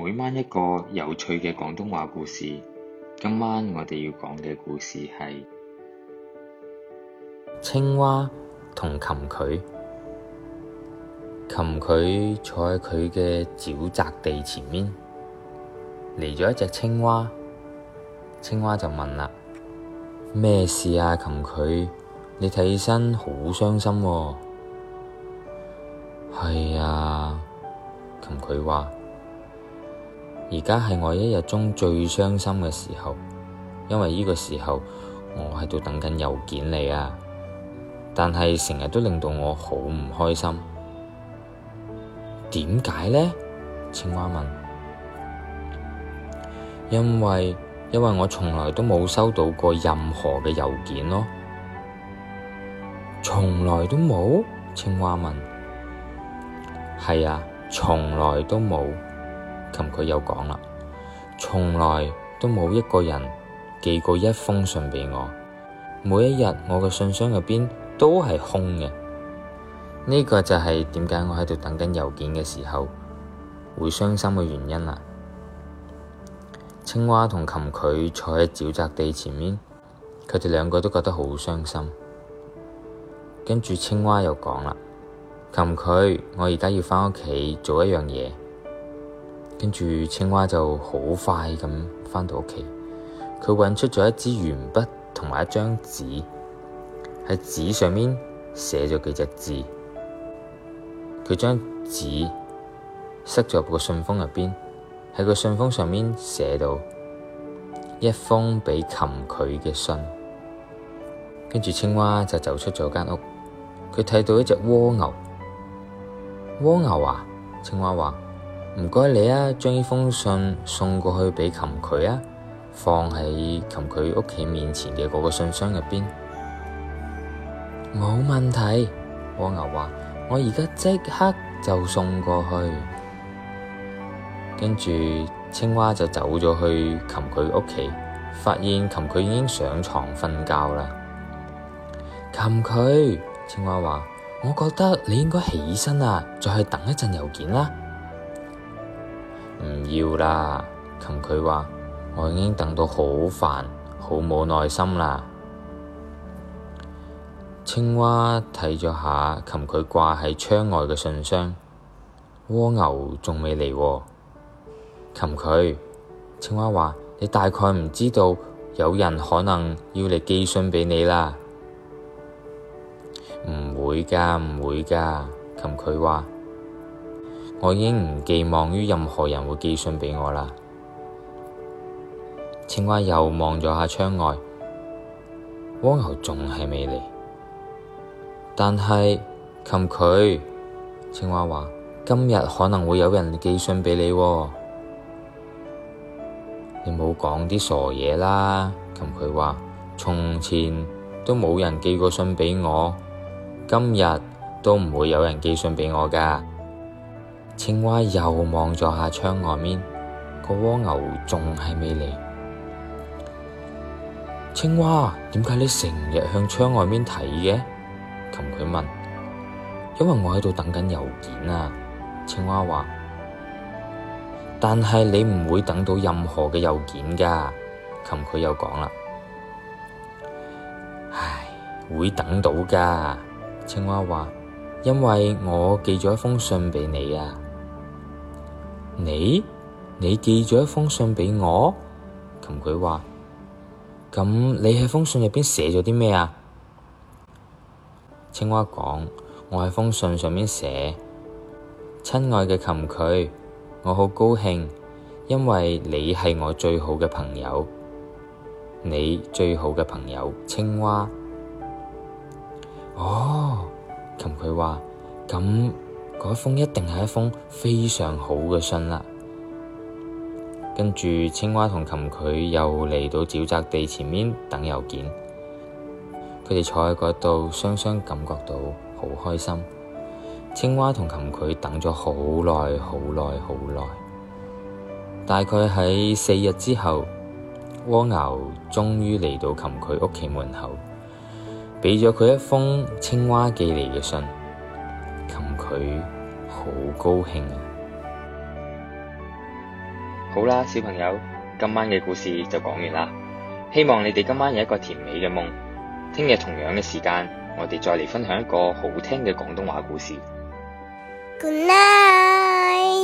每晚一個有趣嘅廣東話故事，今晚我哋要講嘅故事係青蛙同蠄蚷。蠄蚷坐喺佢嘅沼澤地，前面嚟咗一隻青蛙，青蛙就問啦：咩事啊？蠄蚷，你睇起身好傷心喎、啊。係啊，蠄蚷話。而家係我一日中最傷心嘅時候，因為呢個時候我喺度等緊郵件嚟啊！但係成日都令到我好唔開心。點解呢？青蛙問。因為，因為我從來都冇收到過任何嘅郵件咯，從來都冇。青蛙問。係啊，從來都冇。琴佢又講啦，從來都冇一個人寄過一封信畀我，每一日我嘅信箱入邊都係空嘅。呢個就係點解我喺度等緊郵件嘅時候會傷心嘅原因啦。青蛙同蠄蚷坐喺沼澤地前面，佢哋兩個都覺得好傷心。跟住青蛙又講啦，蠄蚷，我而家要返屋企做一樣嘢。跟住青蛙就好快咁返到屋企，佢揾出咗一支鉛筆同埋一張紙，喺紙上面寫咗幾隻字。佢將紙塞咗入個信封入邊，喺個信封上面寫到一封俾蠄蚷嘅信。跟住青蛙就走出咗間屋，佢睇到一隻蝸牛。蝸牛啊，青蛙話。唔該，你啊，將呢封信送過去畀蠄蚷啊，放喺蠄蚷屋企面前嘅嗰個信箱入邊。冇問題，蝸牛話：我而家即刻就送過去。跟住，青蛙就走咗去蠄蚷屋企，發現蠄蚷已經上床瞓覺啦。蠄蚷，青蛙話：我覺得你應該起身啊，再去等一陣郵件啦。唔要啦，琴佢話我已經等到好煩，好冇耐心啦。青蛙睇咗下琴佢掛喺窗外嘅信箱，蝸牛仲未嚟喎。琴佢，青蛙話：你大概唔知道有人可能要嚟寄信畀你啦。唔會噶，唔會噶，琴佢話。我已經唔寄望於任何人會寄信畀我啦。青蛙又望咗下窗外，蝸牛仲係未嚟。但係蠄蚷，青蛙話，今日可能會有人寄信畀你。你冇講啲傻嘢啦。蠄蚷話，從前都冇人寄過信畀我，今日都唔會有人寄信畀我㗎。青蛙又望咗下窗外面，個蝸牛仲係未嚟。青蛙，點解你成日向窗外面睇嘅？蠄蚷問。因為我喺度等緊郵件啊，青蛙話。但係你唔會等到任何嘅郵件噶，蠄蚷又講啦。唉，會等到噶，青蛙話，因為我寄咗一封信畀你啊。你你寄咗一封信畀我，蠄蚷話：咁你喺封信入邊寫咗啲咩啊？青蛙講：我喺封信上面寫，親愛嘅蠄蚷，我好高興，因為你係我最好嘅朋友，你最好嘅朋友青蛙。哦，蠄蚷話咁。嗰封一定係一封非常好嘅信啦。跟住，青蛙同蠄蚷又嚟到沼澤地前面等郵件。佢哋坐喺嗰度，雙雙感覺到好開心。青蛙同蠄蚷等咗好耐，好耐，好耐。大概喺四日之後，蝸牛終於嚟到蠄蚷屋企門口，畀咗佢一封青蛙寄嚟嘅信。佢好高興。好啦，小朋友，今晚嘅故事就講完啦。希望你哋今晚有一個甜美嘅夢。聽日同樣嘅時間，我哋再嚟分享一個好聽嘅廣東話故事。Good night。